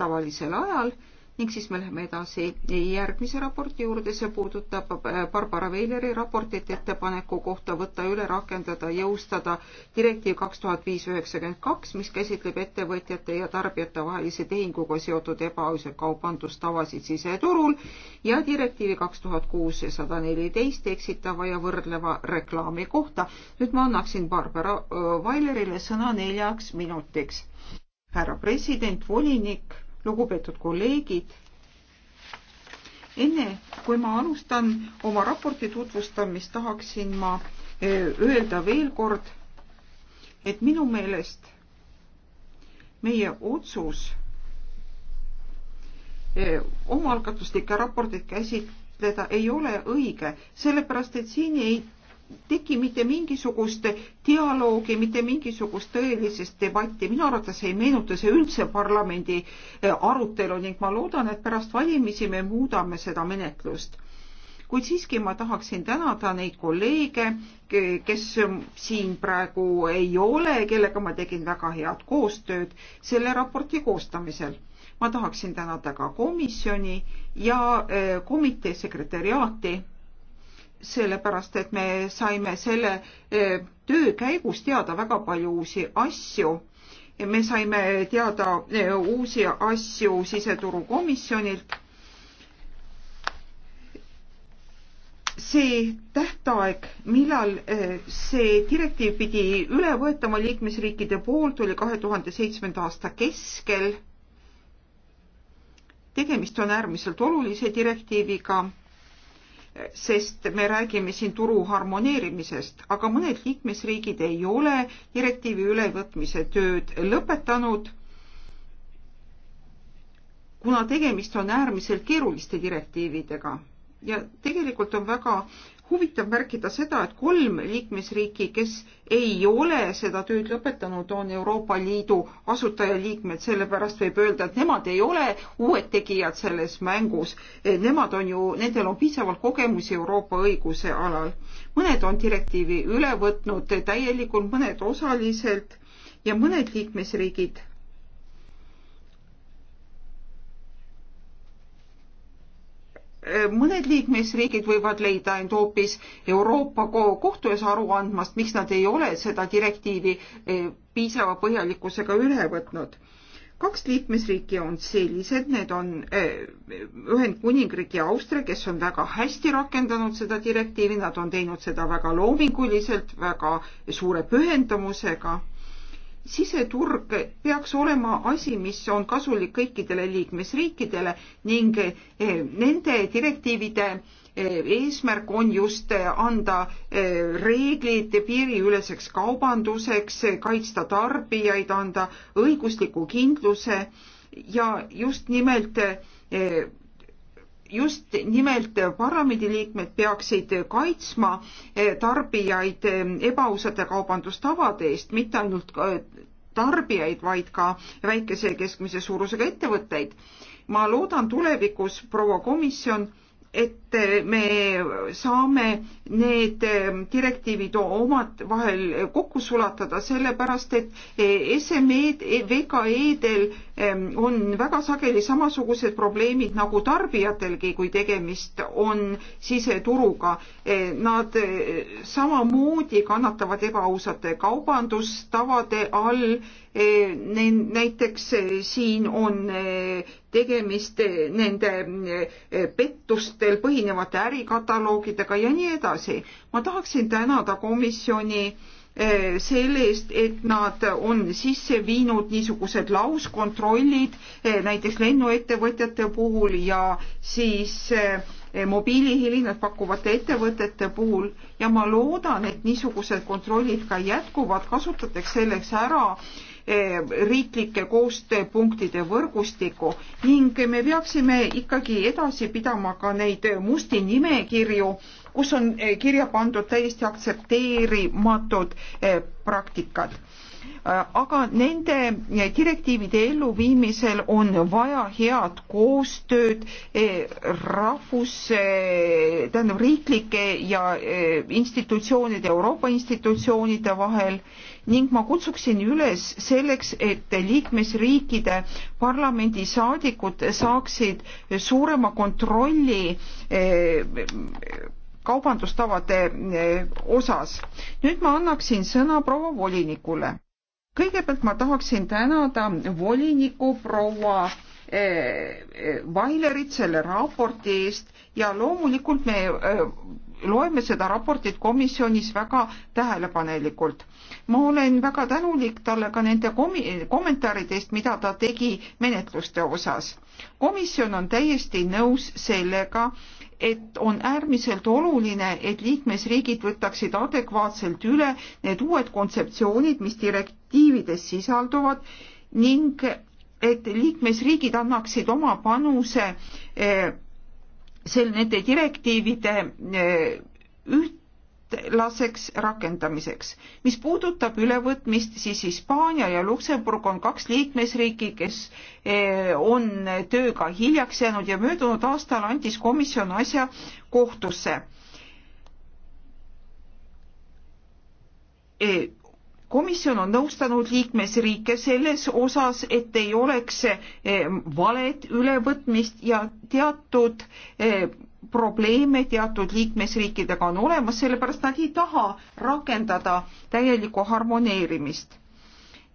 tavalisel ajal ning siis me läheme edasi järgmise raporti juurde, see puudutab äh, Barbara Veileri raportit ettepaneku kohta võtta üle, rakendada, jõustada direktiiv kaks tuhat viis üheksakümmend kaks, mis käsitleb ettevõtjate ja tarbijate vahelise tehinguga seotud ebaausaid kaubandustavasid siseturul ja direktiivi kaks tuhat kuus sada neliteist eksitava ja võrdleva reklaami kohta. nüüd ma annaksin Barbara äh, Veilerile sõna neljaks minutiks. härra president, volinik lugupeetud kolleegid, enne kui ma alustan oma raporti tutvustamist, tahaksin ma eh, öelda veel kord, et minu meelest meie otsus eh, omaalgatuslikke raporteid käsitleda ei ole õige, sellepärast et siin ei teki mitte mingisugust dialoogi, mitte mingisugust tõelisest debatti, minu arvates ei meenuta see üldse parlamendi eh, arutelu ning ma loodan, et pärast valimisi me muudame seda menetlust. kuid siiski ma tahaksin tänada neid kolleege, kes siin praegu ei ole, kellega ma tegin väga head koostööd selle raporti koostamisel ma tahaksin tänada ka komisjoni ja eh, komitee sekretäriaati sellepärast et me saime selle eh, töö käigus teada väga palju uusi asju. me saime teada eh, uusi asju siseturukomisjonilt. see tähtaeg, millal eh, see direktiiv pidi üle võetama liikmesriikide poolt, oli kahe tuhande seitsmenda aasta keskel. tegemist on äärmiselt olulise direktiiviga sest me räägime siin turu harmoneerimisest, aga mõned liikmesriigid ei ole direktiivi ülevõtmise tööd lõpetanud. kuna tegemist on äärmiselt keeruliste direktiividega ja tegelikult on väga huvitav märkida seda, et kolm liikmesriiki, kes ei ole seda tööd lõpetanud, on Euroopa Liidu asutajaliikmed, sellepärast võib öelda, et nemad ei ole uued tegijad selles mängus. Nemad on ju, nendel on piisavalt kogemusi Euroopa õiguse alal. mõned on direktiivi üle võtnud täielikult, mõned osaliselt ja mõned liikmesriigid Äh, mõned liikmesriigid võivad leida end hoopis Euroopa kohtu ees aru andmast, miks nad ei ole seda direktiivi äh, piisava põhjalikkusega üle võtnud. kaks liikmesriiki on sellised, need on äh, Ühendkuningriik ja Austria, kes on väga hästi rakendanud seda direktiivi, nad on teinud seda väga loominguliselt, väga suure pühendumusega siseturg peaks olema asi, mis on kasulik kõikidele liikmesriikidele ning eh, nende direktiivide eh, eesmärk on just eh, anda reeglid piiriüleseks kaubanduseks, kaitsta tarbijaid, anda õigusliku kindluse ja just nimelt just nimelt parlamendiliikmed peaksid kaitsma eh, tarbijaid eh, ebaausate kaubandustavade eest, mitte ainult eh, tarbijaid, vaid ka väikese ja keskmise suurusega ettevõtteid. ma loodan tulevikus, proua komisjon, et me saame need ähm, direktiivid omad vahel kokku sulatada, sellepärast et äh, SME-d, e-, VKE-del ähm, on väga sageli samasugused probleemid nagu tarbijatelgi, kui tegemist on siseturuga. Äh, nad äh, samamoodi kannatavad ebaausate kaubandustavade all Eh, näiteks eh, siin on eh, tegemist nende pettustel põhinevate ärikataloogidega ja nii edasi. ma tahaksin tänada komisjoni selle eest, et nad on sisse viinud niisugused lauskontrollid näiteks lennuettevõtjate puhul ja siis äh, Eh, mobiiliheli nad pakuvate ettevõtete puhul ja ma loodan, et niisugused kontrollid ka jätkuvad, kasutatakse selleks ära eh, riiklike koostööpunktide võrgustiku ning me peaksime ikkagi edasi pidama ka neid musti nimekirju kus on eh, kirja pandud täiesti aktsepteerimatud eh, praktikad eh, aga nende direktiivide elluviimisel on vaja head koostööd rahvus, tähendab riiklike ja institutsioonide, Euroopa institutsioonide vahel ning ma kutsuksin üles selleks, et liikmesriikide parlamendisaadikud saaksid suurema kontrolli kaubandustavade eh, osas. nüüd ma annaksin sõna proua volinikule. kõigepealt ma tahaksin tänada voliniku proua Vailerit eh, eh, selle raporti eest ja loomulikult me loeme seda raportit komisjonis väga tähelepanelikult. ma olen väga tänulik talle ka nende komi-, kommentaaride eest, mida ta tegi menetluste osas. komisjon on täiesti nõus sellega, et on äärmiselt oluline, et liikmesriigid võtaksid adekvaatselt üle need uued kontseptsioonid, mis direktiivides sisalduvad ning et liikmesriigid annaksid oma panuse eh, sel nende direktiivide eh, üht laseks rakendamiseks. mis puudutab ülevõtmist, siis Hispaania ja Luksemburg on kaks liikmesriiki, kes eh, on tööga hiljaks jäänud ja möödunud aastal andis komisjon asja kohtusse. Eh, komisjon on nõustanud liikmesriike selles osas, et ei oleks eh, valet ülevõtmist ja teatud probleeme teatud liikmesriikidega on olemas, sellepärast nad ei taha rakendada täielikku harmoneerimist.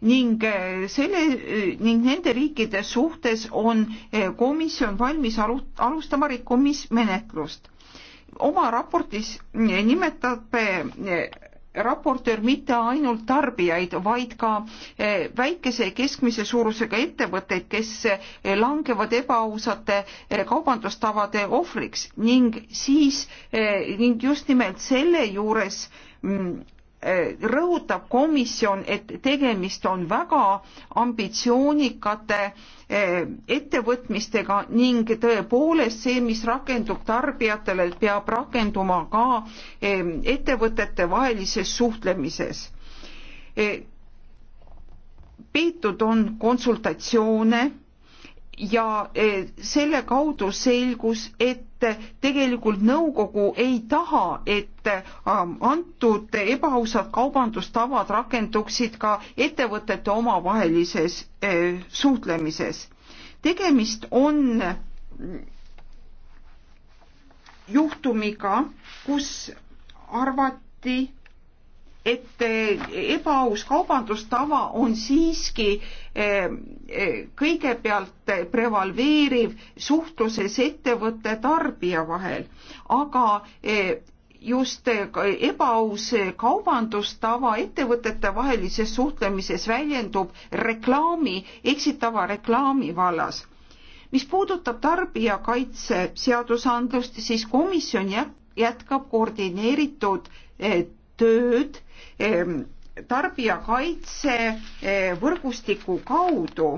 ning eh, selle eh, ning nende riikide suhtes on eh, komisjon valmis alu, alustama rikkumismenetlust. oma raportis nimetab raportöör mitte ainult tarbijaid, vaid ka eh, väikese ja keskmise suurusega ettevõtteid, kes eh, langevad ebaausate eh, kaubandustavade ohvriks ning siis ning just nimelt selle juures mm, Äh, rõhutab komisjon, et tegemist on väga ambitsioonikate äh, ettevõtmistega ning tõepoolest see, mis rakendub tarbijatele, peab rakenduma ka ähm, ettevõtete vahelises suhtlemises. Äh, peetud on konsultatsioone ja selle kaudu selgus, et et tegelikult nõukogu ei taha, et ähm, antud ebaausad kaubandustavad rakenduksid ka ettevõtete omavahelises äh, suhtlemises. tegemist on juhtumiga, kus arvati, et eh, ebaaus kaubandustava on siiski eh, eh, kõigepealt prevaleeriv suhtluses ettevõtte tarbija vahel, aga just ebaaus kaubandustava ettevõtete vahelises suhtlemises väljendub reklaami, eksitava reklaami vallas. mis puudutab tarbijakaitse seadusandlust, siis komisjon jätkab koordineeritud tööd ehm, tarbijakaitse eh, võrgustiku kaudu.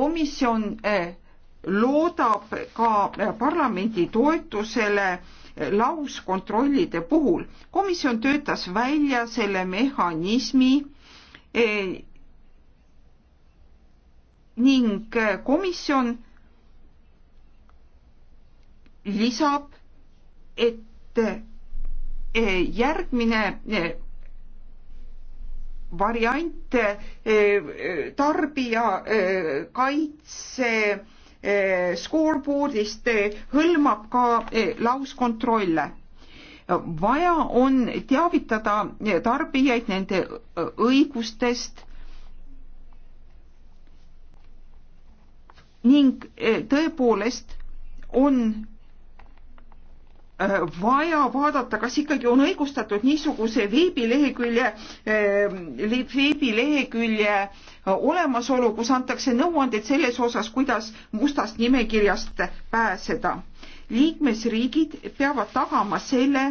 komisjon eh, loodab ka eh, parlamendi toetusele lauskontrollide puhul. komisjon töötas välja selle mehhanismi ning komisjon lisab, et Eh, järgmine eh, variant eh, tarbija kaitse scoreboardist hõlmab ka lauskontrolle. vaja on teavitada tarbijaid nende õigustest ning tõepoolest on Äh, vaja vaadata, kas ikkagi on õigustatud niisuguse veebilehekülje, äh, veebilehekülje äh, olemasolu, kus antakse nõuandeid selles osas, kuidas mustast nimekirjast pääseda. liikmesriigid peavad tagama selle,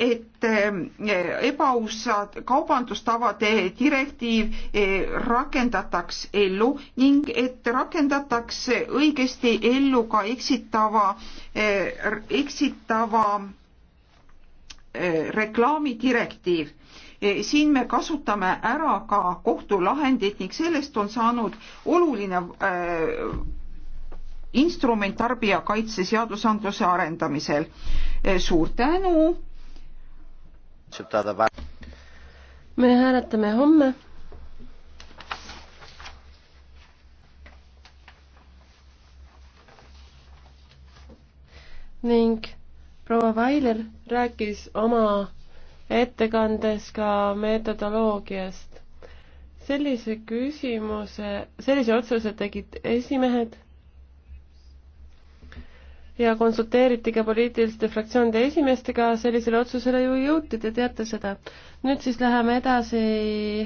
et eh, ebaausad kaubandustavade direktiiv eh, rakendataks ellu ning et rakendataks õigesti ellu ka eksitava, eh, eksitava reklaamidirektiiv. siin me kasutame ära ka kohtulahendit ning sellest on saanud oluline instrument tarbijakaitse seadusandluse arendamisel. suur tänu me hääletame homme. ning proua Vailer rääkis oma ettekandes ka metodoloogiast. sellise küsimuse, sellise otsuse tegid esimehed ja konsulteeriti ka poliitiliste fraktsioonide esimeestega, sellisele otsusele ju jõuti, te teate seda. nüüd siis läheme edasi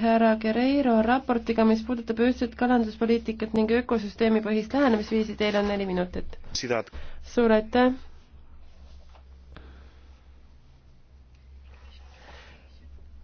härra Guerreiro raportiga, mis puudutab ühtset kalanduspoliitikat ning ökosüsteemipõhist lähenemisviisi, teil on neli minutit. suur aitäh!